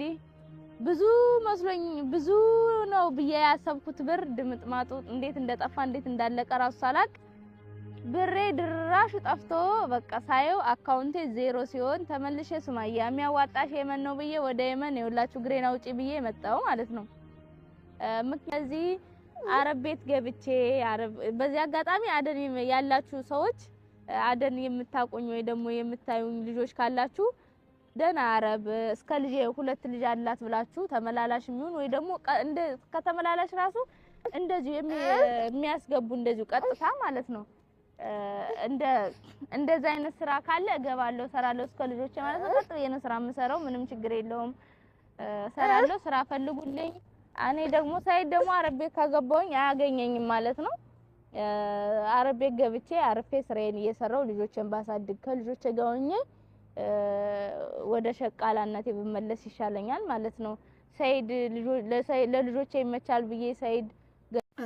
እንግዲህ ብዙ መስሎኝ ብዙ ነው ብዬ ያሰብኩት ብር ድምጥማጡ እንዴት እንደጠፋ እንዴት እንዳለቀ ራሱ ሳላቅ ብሬ ድራሹ ጠፍቶ በቃ ሳየው አካውንቴ ዜሮ ሲሆን ተመልሼ ሱማያ የሚያዋጣሽ የመን ነው ብዬ ወደ የመን የሁላችሁ ግሬና ውጪ ብዬ መጣው ማለት ነው። ምክንያዚ አረብ ቤት ገብቼ አረብ በዚህ አጋጣሚ አደን ያላችሁ ሰዎች አደን የምታቆኝ ወይ ደግሞ የምታዩኝ ልጆች ካላችሁ ደህና አረብ እስከ ልጅ ሁለት ልጅ አላት ብላችሁ ተመላላሽ የሚሆን ወይ ደግሞ ከተመላላሽ ራሱ እንደዚሁ የሚያስገቡ እንደዚሁ ቀጥታ ማለት ነው። እንደ እንደዛ አይነት ስራ ካለ እገባለሁ፣ እሰራለሁ እስከ ልጆች ማለት ነው። ቀጥ የነ ስራ የምሰራው ምንም ችግር የለውም፣ እሰራለሁ። ስራ ፈልጉልኝ። እኔ ደግሞ ሳይድ ደግሞ አረቤ ካገባውኝ አያገኘኝም ማለት ነው። አረቤ ገብቼ አርፌ ስራዬን እየሰራው ልጆችን ባሳድግ ከልጆች ጋር ሆኜ ወደ ሸቃላነቴ ብመለስ ይሻለኛል ማለት ነው። ሰይድ ለልጆች ይመቻል ብዬ ሰይድ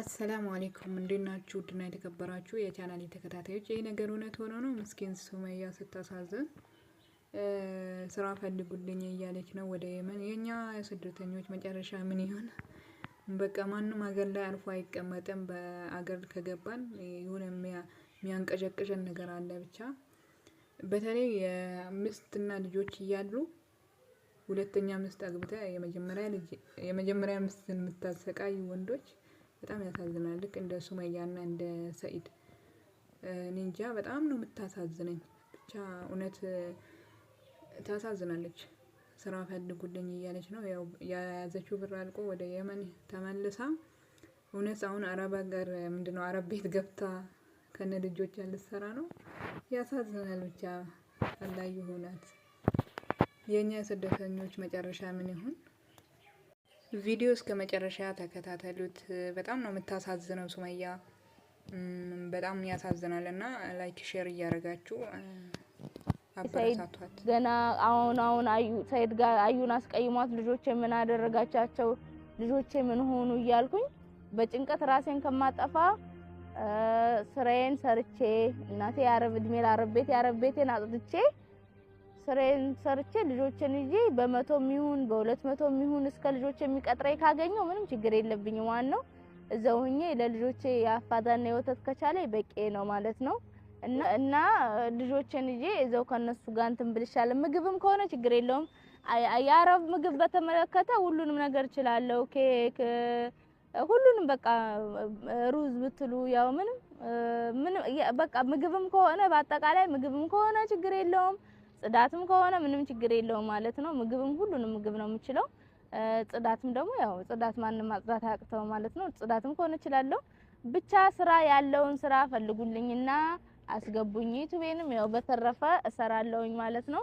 አሰላሙ አሌይኩም እንዴት ናችሁ? ውድና የተከበራችሁ የቻናል ተከታታዮች፣ ይህ ነገር እውነት ሆኖ ነው። ምስኪን ሱመያ ስታሳዝን ስራ ፈልጉልኝ እያለች ነው ወደ የመን። የእኛ ስደተኞች መጨረሻ ምን ይሆን? በቃ ማንም ሀገር ላይ አልፎ አይቀመጥም። በአገር ከገባን የሆነ የሚያንቀጨቅጨን ነገር አለ ብቻ በተለይ የምስትና ልጆች እያሉ ሁለተኛ ምስት አግብተ የመጀመሪያ ምስት ምስትን የምታሰቃይ ወንዶች በጣም ያሳዝናል። ልክ እንደ ሱመያና እንደ ሰኢድ ኒንጃ በጣም ነው የምታሳዝነኝ። ብቻ እውነት ታሳዝናለች። ስራ ፈልጉልኝ እያለች ነው የያዘችው ብር አልቆ ወደ የመን ተመልሳ እውነት አሁን አረብ ሀገር ምንድነው አረብ ቤት ገብታ ከነ ልጆች ልትሰራ ነው። ያሳዝናል። ብቻ አላህ ይሆናት። የእኛ ስደተኞች መጨረሻ ምን ይሆን? ቪዲዮ እስከ መጨረሻ ተከታተሉት። በጣም ነው የምታሳዝነው ሱመያ፣ በጣም ያሳዝናል። እና ላይክ ሼር እያደረጋችሁ አበረታቷት። ገና አሁን አሁን አዩ ሰይድ ጋር አዩን አስቀይሟት፣ ልጆች ምን አደረጋቻቸው፣ ልጆቼ ሆኑ እያልኩኝ በጭንቀት ራሴን ከማጠፋ ስራዬን ሰርቼ እናቴ የአረብ እድሜ ለአረብ ቤት የአረብ ቤቴን አጽድቼ ስራዬን ሰርቼ ልጆችን ይዤ በመቶ የሚሆን በሁለት መቶ የሚሆን እስከ ልጆች የሚቀጥረኝ ካገኘው ምንም ችግር የለብኝም። ነው እዛው ሁኜ ለልጆቼ የአፋዛና የወተት ከቻለ በቂ ነው ማለት ነው። እና ልጆችን ይዤ እዛው ከነሱ ጋር እንትን ብል ምግብም ከሆነ ችግር የለውም። የአረብ ምግብ በተመለከተ ሁሉንም ነገር እችላለሁ። ኬክ ሁሉንም በቃ ሩዝ ብትሉ ያው ምንም ምንም በቃ ምግብም ከሆነ በአጠቃላይ ምግብም ከሆነ ችግር የለውም፣ ጽዳትም ከሆነ ምንም ችግር የለውም ማለት ነው። ምግብም ሁሉንም ምግብ ነው የምችለው። ጽዳትም ደግሞ ያው ጽዳት ማንም ማጽዳት አያቅተው ማለት ነው። ጽዳትም ከሆነ እችላለሁ። ብቻ ስራ ያለውን ስራ ፈልጉልኝና አስገቡኝ። ዩቲዩብንም ያው በተረፈ እሰራለሁኝ ማለት ነው።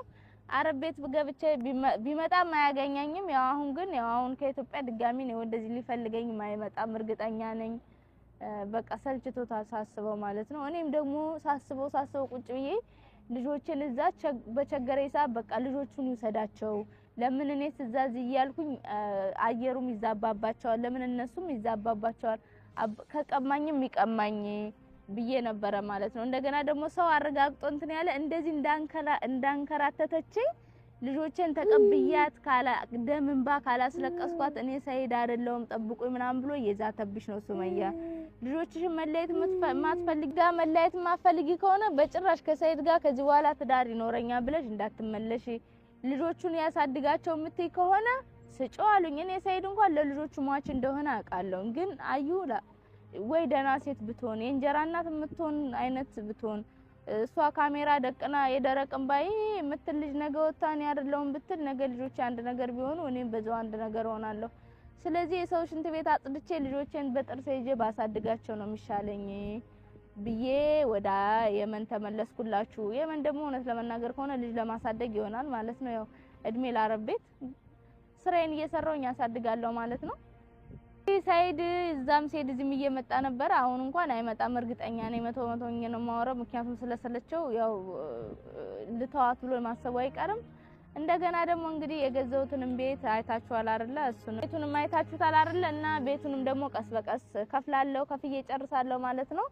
አረብ ቤት ገብቼ ቢመጣም አያገኘኝም። ያው አሁን ግን ያው አሁን ከኢትዮጵያ ድጋሚ ነው እንደዚህ ሊፈልገኝም አይመጣም፣ እርግጠኛ ነኝ። በቃ ሰልችቶታል ሳስበው ማለት ነው። እኔም ደግሞ ሳስበው ሳስበው ቁጭ ብዬ ልጆችን እዛ በቸገሬ ሰዓት በቃ ልጆቹን ይውሰዳቸው ለምን እኔ ትእዛዝ እያልኩኝ አየሩም ይዛባባቸዋል፣ ለምን እነሱም ይዛባባቸዋል። ከቀማኝም ይቀማኝ ብዬ ነበረ ማለት ነው። እንደገና ደግሞ ሰው አረጋግጦ እንትን ያለ እንደዚህ እንዳንከራ እንዳንከራተተችኝ ልጆቼን ተቀብያት ካላ ደም እንባ ካላስለቀስኳት እኔ ሰይድ አይደለሁም ጠብቁኝ ምናምን ብሎ እየዛተብሽ ነው ሱመያ። ልጆችሽን መለየት ማትፈልግ ጋር መለየት ማትፈልጊ ከሆነ በጭራሽ ከሰይድ ጋር ከዚህ በኋላ ትዳር ይኖረኛል ብለሽ እንዳትመለሽ፣ ልጆቹን ያሳድጋቸው የምትይ ከሆነ ስጪው አሉኝ። እኔ ሰይድ እንኳን ለልጆቹ ሟች እንደሆነ አውቃለሁ፣ ግን አዩ ወይ ደህና ሴት ብትሆን የእንጀራ እናት የምትሆን አይነት ብትሆን እሷ ካሜራ ደቅና የደረቅ ባይ የምትል ልጅ ነገ ወጥታ እኔ ብትል ነገ ልጆች አንድ ነገር ቢሆኑ እኔም በዛው አንድ ነገር ሆናለሁ። ስለዚህ የሰው ሽንት ቤት አጽድቼ ልጆቼን በጥርሴ ይዤ ባሳድጋቸው ነው የሚሻለኝ ብዬ ወደ የመን ተመለስኩላችሁ። የመን ደግሞ እውነት ለመናገር ከሆነ ልጅ ለማሳደግ ይሆናል ማለት ነው። ያው እድሜ ላረብ ቤት ስራዬን እየሰራሁኝ ያሳድጋለሁ ማለት ነው። ሳይድ እዛም ሳይድ እዚህም እየመጣ ነበር። አሁን እንኳን አይመጣም እርግጠኛ ነኝ። መቶ መቶ ነው የማወራው፣ ምክንያቱም ስለሰለቸው ያው ልተዋት ብሎ ማሰቡ አይቀርም። እንደገና ደግሞ እንግዲህ የገዘውትንም ቤት አይታችኋል አይደለ? እሱንም ቤቱንም አይታችሁታል አይደለ? እና ቤቱንም ደግሞ ቀስ በቀስ ከፍላለሁ ከፍዬ ጨርሳለሁ ማለት ነው።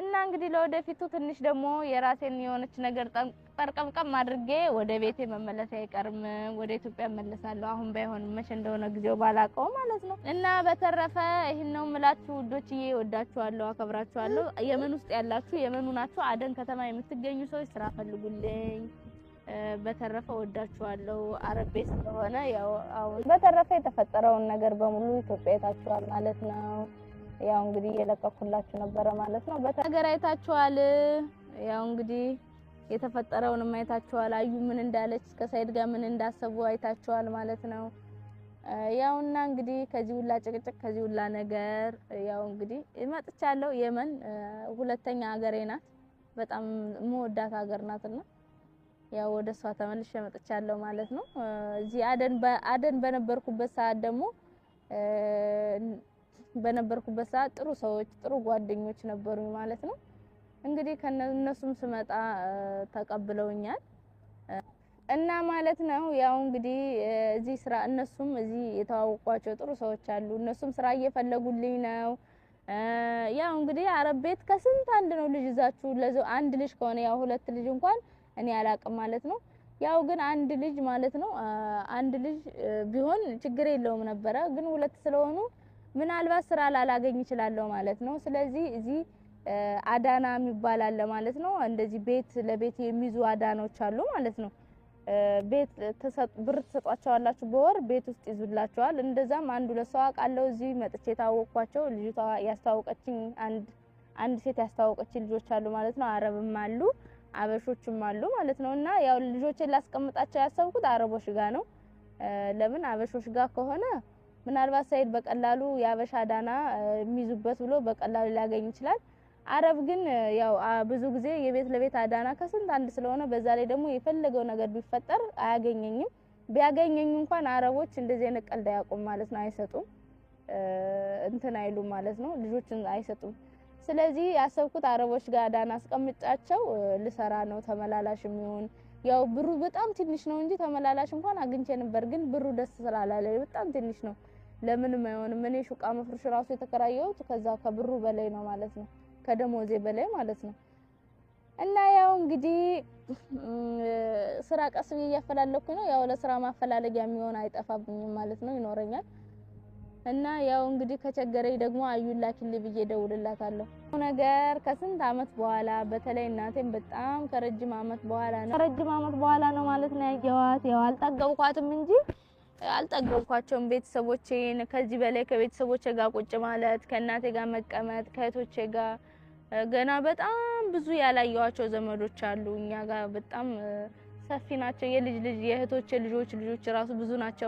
እና እንግዲህ ለወደፊቱ ትንሽ ደግሞ የራሴን የሆነች ነገር ጠርቀምቀም አድርጌ ወደ ቤቴ መመለስ አይቀርም። ወደ ኢትዮጵያ መለሳለሁ። አሁን ባይሆን መቼ እንደሆነ ጊዜው ባላቀው ማለት ነው። እና በተረፈ ይህን ነው የምላችሁ ውዶችዬ፣ ወዳችኋለሁ፣ አከብራችኋለሁ። የመን ውስጥ ያላችሁ የመኑ ናችሁ፣ አደን ከተማ የምትገኙ ሰዎች ስራ ፈልጉልኝ። በተረፈ ወዳችኋለሁ። አረብ ቤት ስለሆነ ያው አሁን በተረፈ የተፈጠረውን ነገር በሙሉ ኢትዮጵያ የታችኋል ማለት ነው። ያው እንግዲህ እየለቀኩላችሁ ነበረ ማለት ነው። በተገር አይታችኋል። ያው እንግዲህ የተፈጠረውንም አይታችኋል። አዩ ምን እንዳለች ከሳይድ ጋር ምን እንዳሰቡ አይታችኋል ማለት ነው። ያውና እንግዲህ ከዚህ ሁላ ጭቅጭቅ ከዚህ ሁላ ነገር ያው እንግዲህ እመጥቻለሁ። የመን ሁለተኛ ሀገሬ ናት። በጣም መወዳት ሀገር ናትና ያው ወደ እሷ ተመልሼ እመጥቻለሁ ማለት ነው። እዚህ አደን አደን በነበርኩበት ሰዓት ደግሞ በነበርኩበት ሰዓት ጥሩ ሰዎች ጥሩ ጓደኞች ነበሩኝ ማለት ነው። እንግዲህ ከነሱም ስመጣ ተቀብለውኛል እና ማለት ነው። ያው እንግዲህ እዚህ ስራ እነሱም እዚህ የተዋወቋቸው ጥሩ ሰዎች አሉ። እነሱም ስራ እየፈለጉልኝ ነው። ያው እንግዲህ አረብ ቤት ከስንት አንድ ነው ልጅ ይዛችሁ ለዚ አንድ ልጅ ከሆነ ያው ሁለት ልጅ እንኳን እኔ አላቅም ማለት ነው። ያው ግን አንድ ልጅ ማለት ነው አንድ ልጅ ቢሆን ችግር የለውም ነበረ። ግን ሁለት ስለሆኑ ምናልባት ስራ ላላገኝ ይችላለሁ ማለት ነው። ስለዚህ እዚህ አዳና የሚባል አለ ማለት ነው። እንደዚህ ቤት ለቤት የሚይዙ አዳኖች አሉ ማለት ነው። ቤት ብር ትሰጧቸዋላችሁ፣ በወር ቤት ውስጥ ይዙላቸዋል። እንደዛም አንዱ ለሰው አውቃለሁ እዚህ መጥቼ የታወቅኳቸው ልጅቷ ያስተዋወቀችኝ አንድ ሴት ያስተዋወቀችኝ ልጆች አሉ ማለት ነው። አረብም አሉ አበሾችም አሉ ማለት ነው። እና ያው ልጆችን ላስቀምጣቸው ያሰብኩት አረቦች ጋር ነው። ለምን አበሾች ጋር ከሆነ ምናልባት ሳይድ በቀላሉ የአበሻ አዳና የሚይዙበት ብሎ በቀላሉ ሊያገኝ ይችላል። አረብ ግን ያው ብዙ ጊዜ የቤት ለቤት አዳና ከስንት አንድ ስለሆነ በዛ ላይ ደግሞ የፈለገው ነገር ቢፈጠር አያገኘኝም። ቢያገኘኝ እንኳን አረቦች እንደዚህ አይነት ቀልድ አያውቁም ማለት ነው። አይሰጡም፣ እንትን አይሉም ማለት ነው። ልጆችን አይሰጡም። ስለዚህ ያሰብኩት አረቦች ጋር አዳና አስቀምጫቸው ልሰራ ነው። ተመላላሽ የሚሆን ያው ብሩ በጣም ትንሽ ነው እንጂ ተመላላሽ እንኳን አግኝቼ ነበር። ግን ብሩ ደስ ስላላለ በጣም ትንሽ ነው፣ ለምንም አይሆንም። እኔ ሹቃ መፍርሽ ራሱ የተከራየሁት ከዛ ከብሩ በላይ ነው ማለት ነው። ከደሞዜ በላይ ማለት ነው። እና ያው እንግዲህ ስራ ቀስ ብዬ እያፈላለኩ ነው። ያው ለስራ ማፈላለጊያ የሚሆን አይጠፋብኝም ማለት ነው፣ ይኖረኛል። እና ያው እንግዲህ ከቸገረኝ ደግሞ አዩን ላኪልኝ ብዬ እደውልላታለሁ። ነገር ከስንት አመት በኋላ በተለይ እናቴን በጣም ከረጅም አመት በኋላ ነው ከረጅም አመት በኋላ ነው ማለት ነው ያየኋት። ያው አልጠገብኳትም እንጂ አልጠገብኳቸውም ቤተሰቦቼን። ከዚህ በላይ ከቤተሰቦቼ ጋር ቁጭ ማለት፣ ከእናቴ ጋር መቀመጥ፣ ከእህቶቼ ጋር ገና በጣም ብዙ ያላየዋቸው ዘመዶች አሉ። እኛ ጋር በጣም ሰፊ ናቸው። የልጅ ልጅ የእህቶች ልጆች ልጆች ራሱ ብዙ ናቸው።